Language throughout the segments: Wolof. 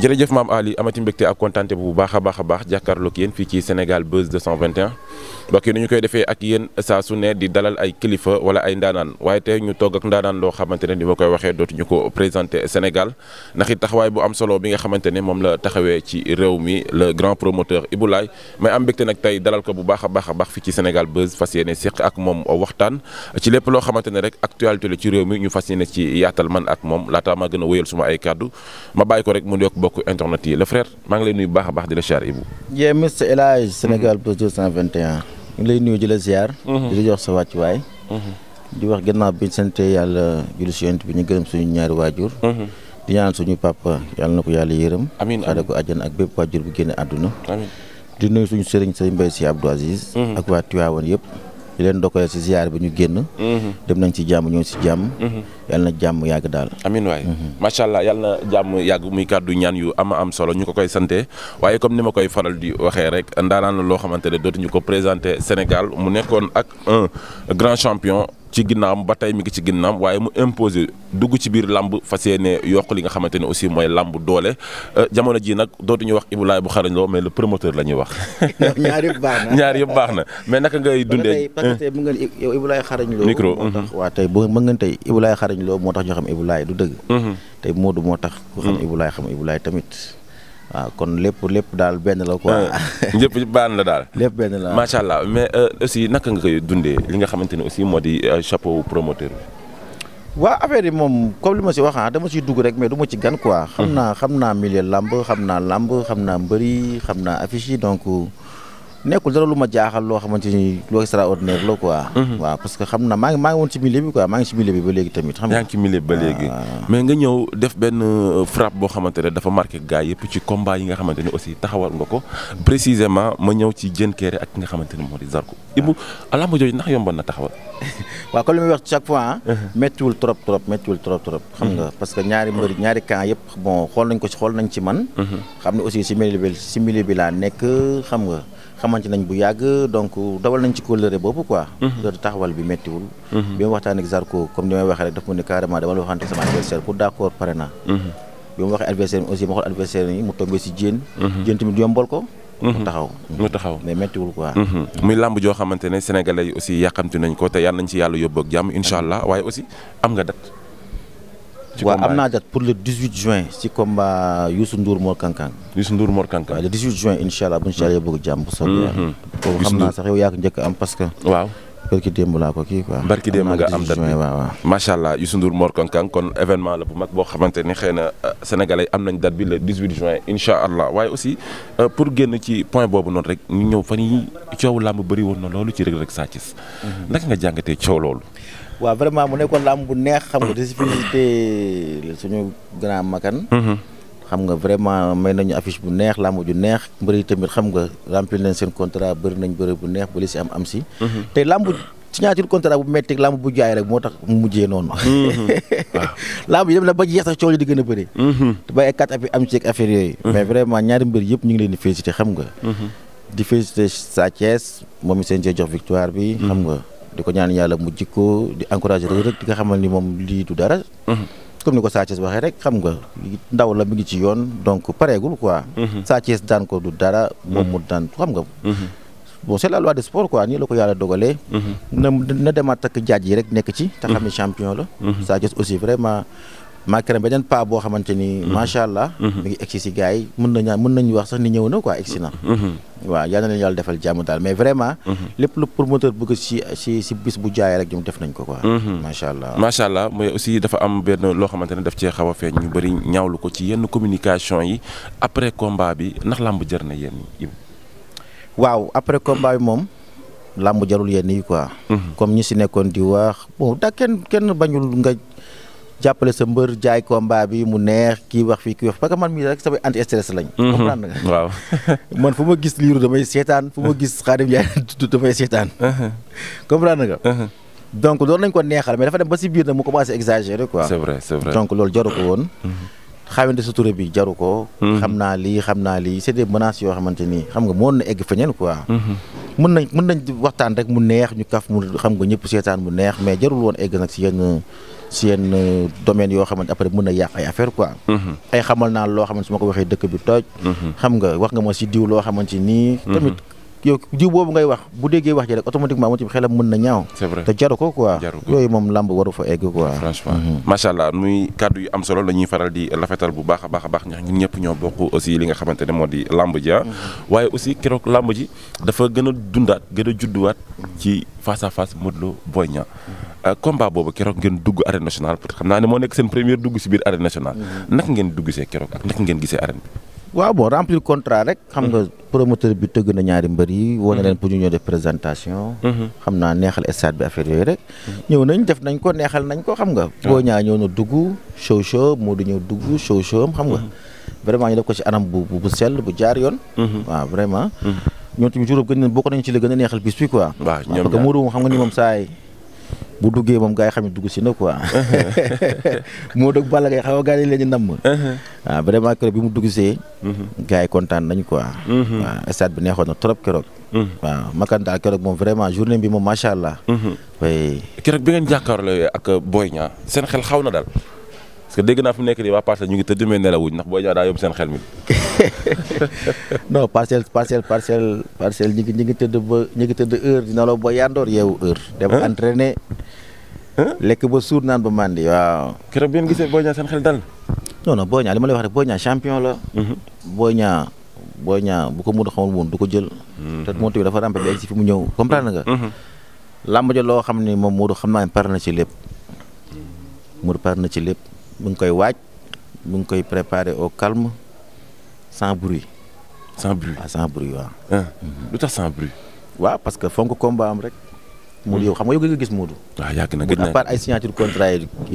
jërëjëf maam Ali amati mbégte ak kontaante bu baax a baax a baax jàkkaarloog yéen fii ci Sénégal Buzz 221 mbokk yi ni ñu koy defee ak yéen saa su ne di dalal ay kilifa wala ay ndaanaan waaye tey ñu togg ak ndaanaan loo xamante ne ni ma koy waxee dootuñu ko présenté Sénégal ndax it taxawaay bu am solo bi nga xamante ne moom la taxawee ci réew mi le grand promoteur Ibou Laye may am mbégte nag tey dalal ko bu baax a baax a baax fii ci Sénégal Buzz fas yéene séq ak moom waxtaan ci lépp loo xamante ne rek actualité la ci réew mi ñu fas yéene ci yaatal man moom laataa maa gën a wéyal ay kàddu ma bàyyi ko rek mu yokk bokk internet yi le frère maa ngi lay nuyu bu a baax waaw ñu lay nuyu di la ziar. Mhm. di la jox sa wàccuwaay. Mhm. di wax gannaaw bi sant yàlla julli si yonent bi ñu gërëm suñu ñaari waajur. Mhm. di ñaan suñu papa yàlla na ko yàlla yërëm. amiin xaare ko àjjana ak bépp waajur bu génne àdduna. di nuyu suñu sëriñ sëriñ Mbaye si Abdou Aziz. ak waa Tivaouane yëpp. di leen dokoyal ci ziar bi ñu génn. Mhm. dem nañ ci jàmm ñëw ci jàmm. Mhm. yal na jàmm yàgg daal. amiin waay mhm. macha allah yal na jàmm yàgg muy kàddu ñaan yu am am solo ñu ko koy sante waaye comme ni ma koy faral di waxee rek ndaanaan loo xamante ne dootuñu ko présenté Sénégal mu nekkoon ak un grand champion. ci ginnaawam ba tey mi ngi ci ginnaawam waaye mu imposé dugg ci biir làmb fas yéene yokk li nga xamante ne aussi mooy làmb doole euh, jamono ji nag dootuñu wax Ibou Laye bu xarañ loo mais le promoteur la ñuy wax. ñaar yëpp baax na baax na mais naka ngay. dundee parce que tey mën ngeen yow Ibou Laye xarañ loo. micro moo tax mhm. loo moo tax ñu xam Ibou du dëgg. Mhm. tey Modou moo tax. ku xam mhm. Ibou tamit. waaw ah, kon lépp lépp daal benn la quoi. Euh, lépp baan la daal. lépp benn la macha allah mais euh, aussi naka nga koy dundee li nga xamante ne aussi moo di euh, chapeau promoteur bi. waaw affaire yi moom comme li ma si wax ah dama siy dugg rek mais du ma ci gan quoi. xam hmm. naa xam naa milieu làmb xam naa làmb xam naa mbëri xam naa affiche yi donc. nekkul dara lu ma jaaxal loo xamante ni lu extraordinaire la quoi. Mhm. waaw parce que xam na maa ngi maa ngi woon ci milieu bi quoi maa nga yaa ngi ci milieu ba ah. euh, boo xamante ne dafa marqué gars yëpp ci combat yi nga xamante ne taxawal nga ko précisément ma ñëw ci jën kéré ki nga xamante ne moo di Zarko. Ah. Ibu alamb jooju ndax na taxawal. waaw comme li may wax chaque fois ah. uh-huh. méttiwul trop trop méttiwul trop trop. xam nga uh-huh. parce que ñaari mbër ñaari camp yëpp bon xool nañ ko ci xool nañ ci man. Uh-huh. xam ne aussi ci milieu bi ci milieu bi laa nekk xam nga xamante nañ bu yàgg donc dawal nañ ci kóllëre boobu quoi. loolu mhm. taxawal bi méttiwul. Mhm. bi ma waxtaan ak Zarko comme ni may waxee rek daf ma ne carrément dama la waxante sama adversaire pour d' accord mhm. bi ma waxee adversaire aussi ma xool adversaire yi mu tombé si Diène. Diène tamit yombal ko. mu taxaw mu taxaw mais méttiwul quoi. muy làmb joo xamante ne sénégalais yi aussi yàqamti nañ ko te yàlla nañ ci yàlla yóbbu ak jàmm incha allah waaye aussi am nga date. ci combat am naa date pour le 18 juin ci combat Youssou Ndour Mor Kankan. Youssou Ndour Mor Kankan waaw le 18 juin incha allah bu ñu si yàlla hmm. bëgg jàmm bu soobee hmm. yàlla. Hmm. sax yaa ko njëkk am parce que. waaw. barki démb a ko kii quoi. barki démb nga am date bi waaw waaw. macha allah Youssou Ndour Mor Kang Kang kon événement la bu mag boo xamante ni xëy na euh, am nañ date bi le 18 juin incha allah waaye aussi euh, pour génn ci point boobu noonu rek ñu ñëw fan yii coow làmb bëri woon na loolu ci Reug Reug Sa Thiès. Mhm. naka nga jàngatee coow loolu. waaw vraiment mu nekkoon làmb bu neex. xam nga discipline suñu grand makan mhm. xam nga vraiment may nañu affiche bu neex làmb ju neex mbër yi tamit xam nga remplir nañ seen contrat bëri nañ bëri bu neex ba li si am am si mhm. te làmb signature contrat bu métti làmb bu jaay rek moo tax mu mujjee noonu mhm. làmb yi ba jeex sax di gën a bëri mhm. te ba ay quatre appuis am ci ak affaire yooyu mais vraiment ñaari mbër yëpp ñu ngi xam nga di félicité Sa moom i seen see jox victoire bi xam nga di ko ñaan yàlla mu jikko di encouragé rek rek xamal ni moom lii du dara comme ni ko Sa Thiès waxee rek xam nga ndaw la mi ngi ci yoon donc pareegul quoi. Mhm. Sa Thiès daan ko du dara. Mhm. moom mu daan xam nga. Mhm. bon c'est la loi de sport quoi nii la ko yàlla na na takk jaaj rek nekk ci. te xam ne champion la. Sa Thiès maakare beneen paa boo xamante ni. Mhm. macha allah. Mhm. mi ngi egsi si gars yi mën nañu mën nañu wax sax ni ñëw na quoi egsi na. Mhm. waaw yal na leen yàlla defal jàmm daal mais vraiment. lépp lu promoteur bëgg si bis bu jaayee rek ñoom def nañ ko quoi. macha allah macha aussi dafa am benn loo xamante ne daf cee xaw a feeñ ñu bëri ñaawlu ko ci yenn communication yi après combat bi ndax làmb jër na yéen yi. waaw après combat bi moom. làmb jarul yéen yi quoi. comme ñi si jàppale sa mbër jaay combat bi mu neex kii wax fii kii wax parce que man mii rek samay anti stress lañ. Mhm. comprendre nga waaw. man fu ma gis liiru damay seetaan fu ma gis Xaadim Njaay damay mhm. mhm. loolu lañ woon. xamante sa bi jaru ko. xam naa lii xam naa lii c'est des menaces yoo xamante ni xam nga moo na egg feñel quoi. mën nañ mën nañ waxtaan rek mu neex ñu kaf mu xam nga ñëpp seetaan mu neex mais jarul woon egg nag si yenn si yenn domaine yoo xamante après mën a yàq ay affaire quoi. Mhm. ay xamal naa loo xamante su ma ko waxee dëkk bi tooj. Mhm. xam nga wax nga ma si diw loo xamante nii mhm. tamit yow jiw boobu ngay wax bu déggee wax ji rek automatiquement mu ci xelam mën na ñaaw. c'est vrai te jaru ko quoi yooyu moom làmb waru fa egg quoi. franchement mhm. macha allah muy kàddu yu am solo la ñuy faral di rafetal bu baax a baax a baax ñun ñëpp ñoo bokk aussi li nga xamante ne moo di làmb ji ah. mhm. waaye aussi keroog làmb ji dafa gën dundaat gën a judduwaat ci face à face Modou Lo Boy Niang mhm. euh, combat boobu keroog ngeen dugg arène nationale peut-être xam naa ne moo nekk seen première dugg si biir arène nationale. ngeen dugg see keroog ngeen gisee arène waaw bon remplir contrat rek. xam nga mhm. promoteur bi tëgg na ñaari mbër yi. woo na mhm. leen pour ñu ñëw présentation. Mhm. xam naa neexal stade bi affaire yooyu rek. ñëw nañ def nañ ko neexal nañ ko xam nga. Ah. boo ñaa ñëw na dugg show show moo du ñëw dugg show show am xam nga. vraiment ñu def ko ci anam bu bu sell bu jaar yoon. waaw vraiment. ñoom tamit juróom gën nañ bokk nañu la gën a neexal bis bi quoi. waaw ñoom parce que xam nga ni moom saay bu duggee moom gaa yi dugg si na ko moo dëgg Balla Gaye xaw ma gaa yi waaw uh-huh. ah, vraiment keroog bi mu dugg se uh-huh. gaa yi kontaan nañ ko uh-huh. waaw stade bi neexoon na trop keroog. waaw Makan daal keroog moom vraiment journée bi moom macha allah. oui. keroog bi ngeen jàkkaarloo ak Boy Niang seen xel xaw na daal. parce que dégg naa fu mu nekk nii waa parcelle ñu ngi tëdd mais nelawuñ ndax booy ñëwaat daa yomb seen xel mi. non heure dina la ba yeewu heure. dem entraîner. lekk ba suur naan ba màndi waaw. keroog bi ngeen gisee Boy Niang seen xel dal. non boo Boy Niang wax rek Boy Niang champion la. Mhm. Boy Niang Boy Niang bu ko Modou xamul woon du ko jël. Mhm. te moom a dafa rampé ba egg si fi mu ñëw comprendre nga. Mhm. làmb jo loo xam ne moom Modou xam naa ne pare na ci lépp. Modou pare na ci lépp mu ngi koy waaj mu ngi koy préparé au calme sans bruit. sans bruit ah, waaw sans bruit waaw. parce que fonk combat rek. Modou yow xam nga yow gëj nga gis Modou. waaw yàgg na gëj naa à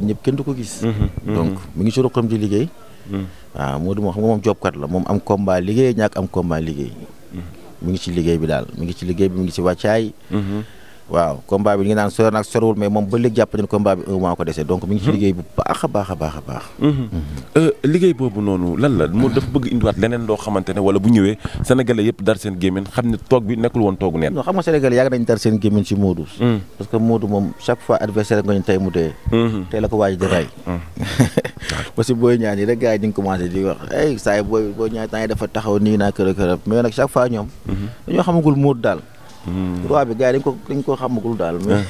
ñëpp kenn ko gis. Mm-hmm, mm-hmm. donc mu ngi ci rokkam di liggéey. Mm-hmm. waaw moom xam nga moom jobkat la moom am combat liggéey ñàkk am combat liggéey. mu ngi ci liggéey bi daal mu ngi ci liggéey bi mu ngi ci wàccaay. waaw combat bi li nga naan sor nag sorwul mais moom ba léegi jàpp nañu combat bi un mois dese donc mi ngi ci hmm. liggéey bu baax baax baax baax hmm. euh, liggéey boobu noonu lan la moo dafa bëgg indiwaat leneen loo xamante ne wala bu ñëwee sénégalais yëpp dar seen gémmiñ xam ne toog bi nekkul woon toogu neen non xam nga sénégalais yàgg nañ dar seen gémmiñ ci Modou hmm. parce que Modou moom chaque fois adversaire nga ñu tey mu tey la ko waaj di rey ba si booy yi rek gars saa yi booy booy ñaan temps yi dafa naa kërë mais nag chaque fois ñoom dañoo xamagul Modou daal waa bi gars yi dañ ko dañ ko xamagul daal mais. Ah.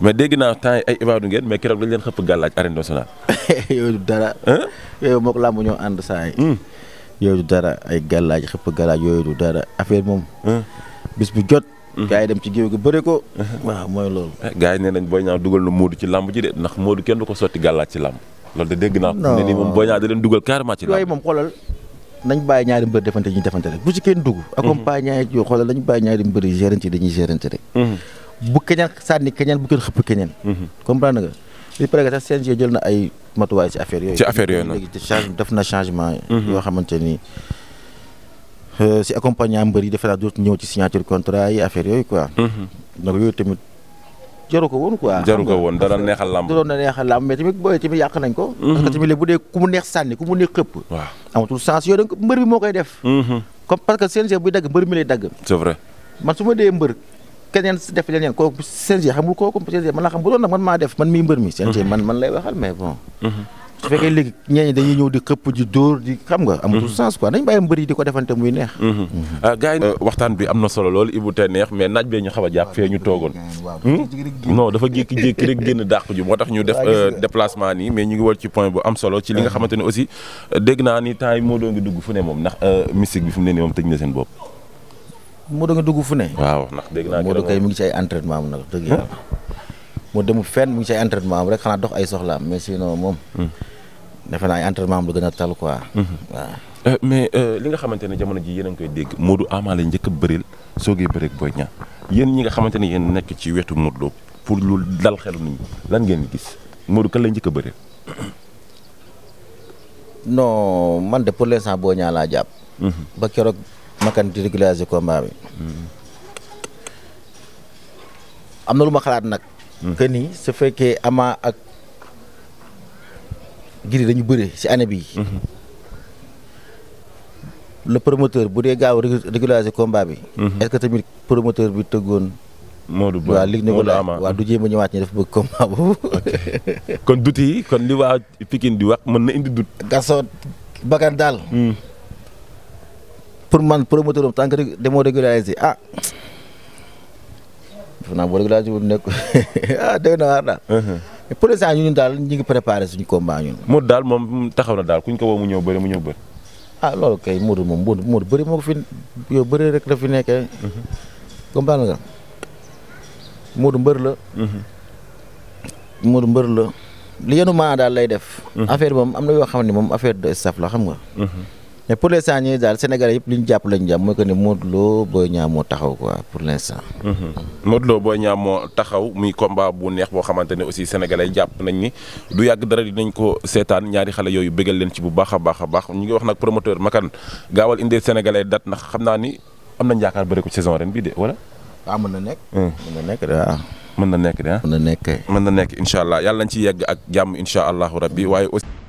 mais dégg naa temps ay ibaadu ngeen mais keroog dañ leen xëpp gàllaaj arène nationale. yow du dara. Ah. yow moog làmb ñoo ànd saa hmm. yooyu du dara ay gallaaj xëpp gàllaaj yooyu du dara affaire moom. Ah. bis bu jot. Hmm. gars yi dem ci géew gi bëri ko. waaw mooy loolu. Eh, gars yi nee nañ Boy dugal na Modou ci làmb ji de ndax Modou kenn du ko sotti gàllaaj ci làmb loolu de dégg naa. non moom Boy Niang da leen dugal carrément ci làmb. nañ bàyyi ñaari mbër defante ñu defante rek bu ci kenn dugg mhm. accompagné yoo xoolal nañ bàyyi ñaari mbër yi gérante yi dañuy gérante mhm. bu keneen sànni keneen bu kenn xëpp keneen mhm. comprendre nga li pare sax CNG jël na ay matuwaay ci affaire yooyu affaire yooyu ni si euh, accompagné mbër defe naa dootu ñëw ci signature contrat yi affaire yooyu quoi donc yooyu tamit jaru ko woon quoi. jaru ko woon da doon neexal làmb. da doon neexal làmb mais ko. Mhm. parce que tamit bu dee ku neex sànni ku neex xëpp. waaw amatul sens yooyu mbër bi moo koy def. Mhm. comme parce que CNG buy dagg mbër mi lay dagg. c'est vrai man su dee mbër. keneen def leneen kooku CNG xamul kooku CNG man laa xam bu doon nag man maa def man mii mbër mi. CNG mhm. man man lay waxal mais bon. su fekkee léegi ñeeñ dañuy ñëw di xëpp ji dóor di xam nga. amatul mhm. sens quoi dañ bàyyi mbër yi di ko defante muy neex. Mhm. Mhm. Ah, gars euh, waxtaan bi am na solo lool Ibou te neex mais naaj bee ñu xaw a ñu toogoon. Hmm? non dafa jékki-jékki rek génn dàq moo tax ñu def euh, déplacement nii mais ñu ngi war ci point bu am solo ci li nga xamante ne aussi euh, dégg naa ni temps yi moo doon ngi dugg fu ne moom ndax mystique bi fu mu ne nii moom tëj na seen bopp. moo doon nga dugg fu ne. waaw ndax dégg naa Modou kay mu ngi ci ay entraînement am nag dëgg yàlla hmm? moo demul fenn mu ngi ci ay entraînement dox ay soxlaam mais sinon moom hmm. defe naa ay entraînement am lu gën a tal quoi. Mhm. waaw. Euh, mais euh, li nga xamante ne jamono ji yéen a ngi koy dégg Modou Ama la njëkk a bëril soogee bëreeg Boy ñi nga xamante ne yéen nekk ci wetu Modou pour lu dal xelu nit ñi lan ngeen gis Modou kan la njëkk a bëril. non man de pour l'instant Boy la laa jàpp. Mhm. ba keroog ma kan di régulariser combat bi. Mhm. am na lu ma xalaat nag. que ni su fekkee Ama Gris dañu bëre si année bii. le promoteur bu dee gaaw régulariser combat bi. Mhm. est-ce que tamit promoteur bi tëggoon. Modou Ba waaw lig na ko waaw du jéem a ñëwaat ñu dafa bëgg combat boobu. kon dut yi kon li waa Pikine di wax mën na indi dut. Gaston Bakane daal. Hmm. man promoteur am tant demoo régulariser ah. defe na ah, waar daal. Uh-huh. mais pour l'instant ñun daal ñu ngi préparé suñu combat ñun. Modou daal moom taxaw na daal kuñ ko woo mu ñëw bëri mu ñëw bëri. ah loolu kay Modou moom Modou Modou bëri moo ko fi rek la fi nekkee. comprendre nga Modou la. Modou mbër la. li daal lay def. Mhm. affaire moom am na yoo xam ne moom affaire de staff la xam nga. Mhm. mais pour l'instant ñii daal Sénégalais yëpp li ñu jàpp lañu jàpp mooy que ni moo taxaw quoi pour l'instant. Mhm. Modou Lo Boy moo taxaw muy combat bu neex boo xamante ne aussi sénégalais jàpp nañ ni du yàgg dara nañ ko seetaan ñaari xale yooyu bëggal leen ci bu baax a baax a baax ñu ngi wax nag promoteur Makan gaawal indee sénégalais date na xam naa ni am nañ yaakaar bëri ko saison ren bii de wala. waaw ah, mën na nekk. Hmm. mën na nekk de ah. mën na nekk de ah. na nekk. mën na nekk incha allah yàlla nañ ci yegg ak jàmm incha allahu rabbi waaye aussi.